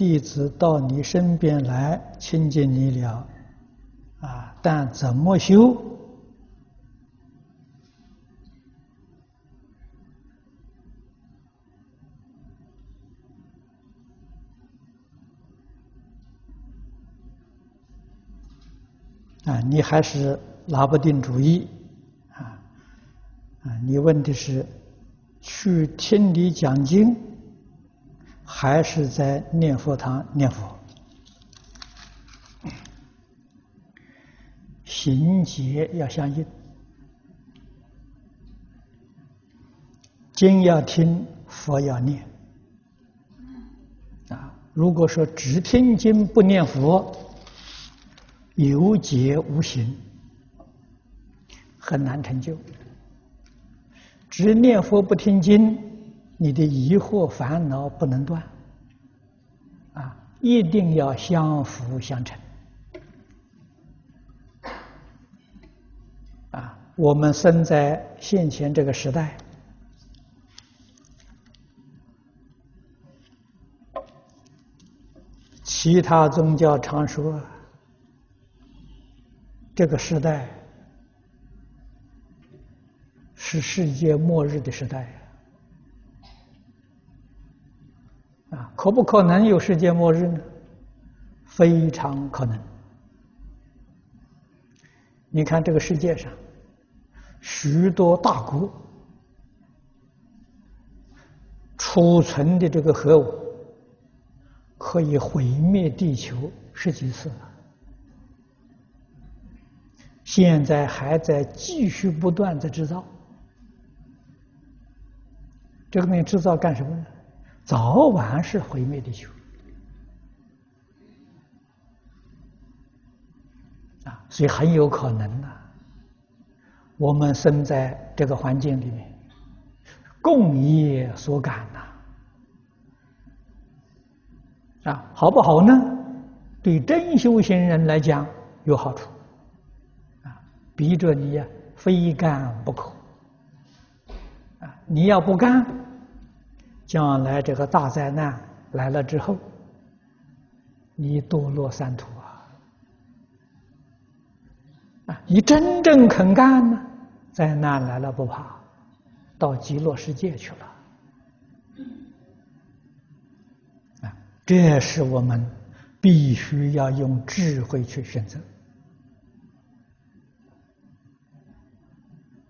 弟子到你身邊來親近你了，啊！但怎麼修啊？你還是拿不定主意啊！啊，你問的是去聽你講經。還是在念佛堂念佛，行解要相應，經要聽，佛要念啊。如果說只聽經不念佛，有解無行，很難成就；只念佛不聽經。你的疑惑、煩惱不能斷，啊，一定要相輔相成。啊，我們生在現前這個時代，其他宗教常說，這個時代是世界末日的時代。啊，可不可能有世界末日呢？非常可能。你看這個世界上，許多大國儲存的這個核武，可以毀滅地球十幾次了。現在還在繼續不斷地制造。這個東西制造幹什麼呢？早晚是毀滅地球啊，所以很有可能呢，我們生在這個環境裡面，共業所感吶啊，好不好呢？對真修行人來講有好處啊，逼着你呀，非幹不可啊，你要不幹。將來這個大災難來了之後，你墮落三途啊！啊，你真正肯幹呢，災難來了不怕，到極樂世界去了。啊，這是我們必須要用智慧去選擇。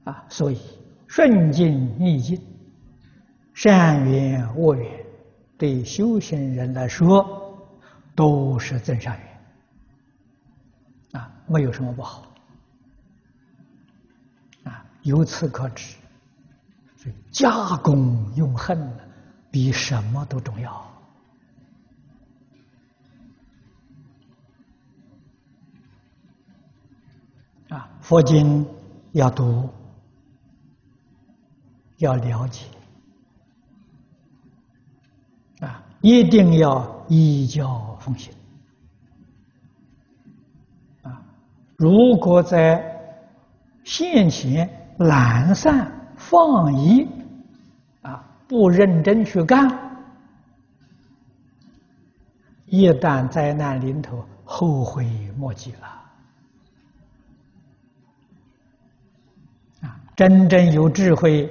啊，所以順境逆境。善緣惡緣，對修行人來說都是真善緣，啊，沒有什麼不好，啊，由此可知，所以加功用行比什麼都重要。啊，佛經要讀，要了解。一定要依教奉行啊！如果在現前懶散、放逸啊，不認真去幹，一旦災難臨頭，後悔莫及了啊！真正有智慧、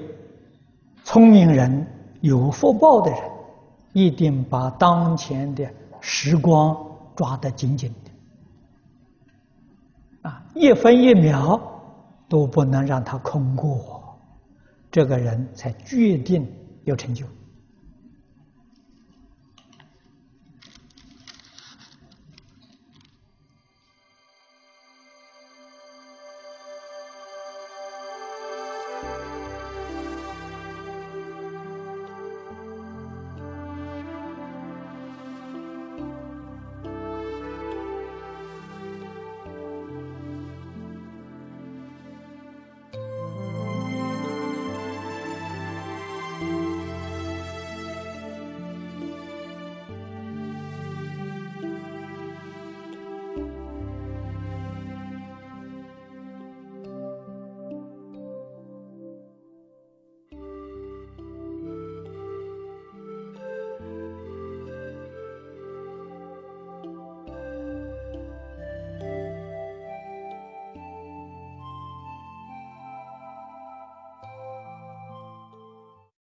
聰明人、有福報的人，一定把當前的時光抓得緊緊的，啊，一分一秒都不能讓他空過，這個人才決定有成就。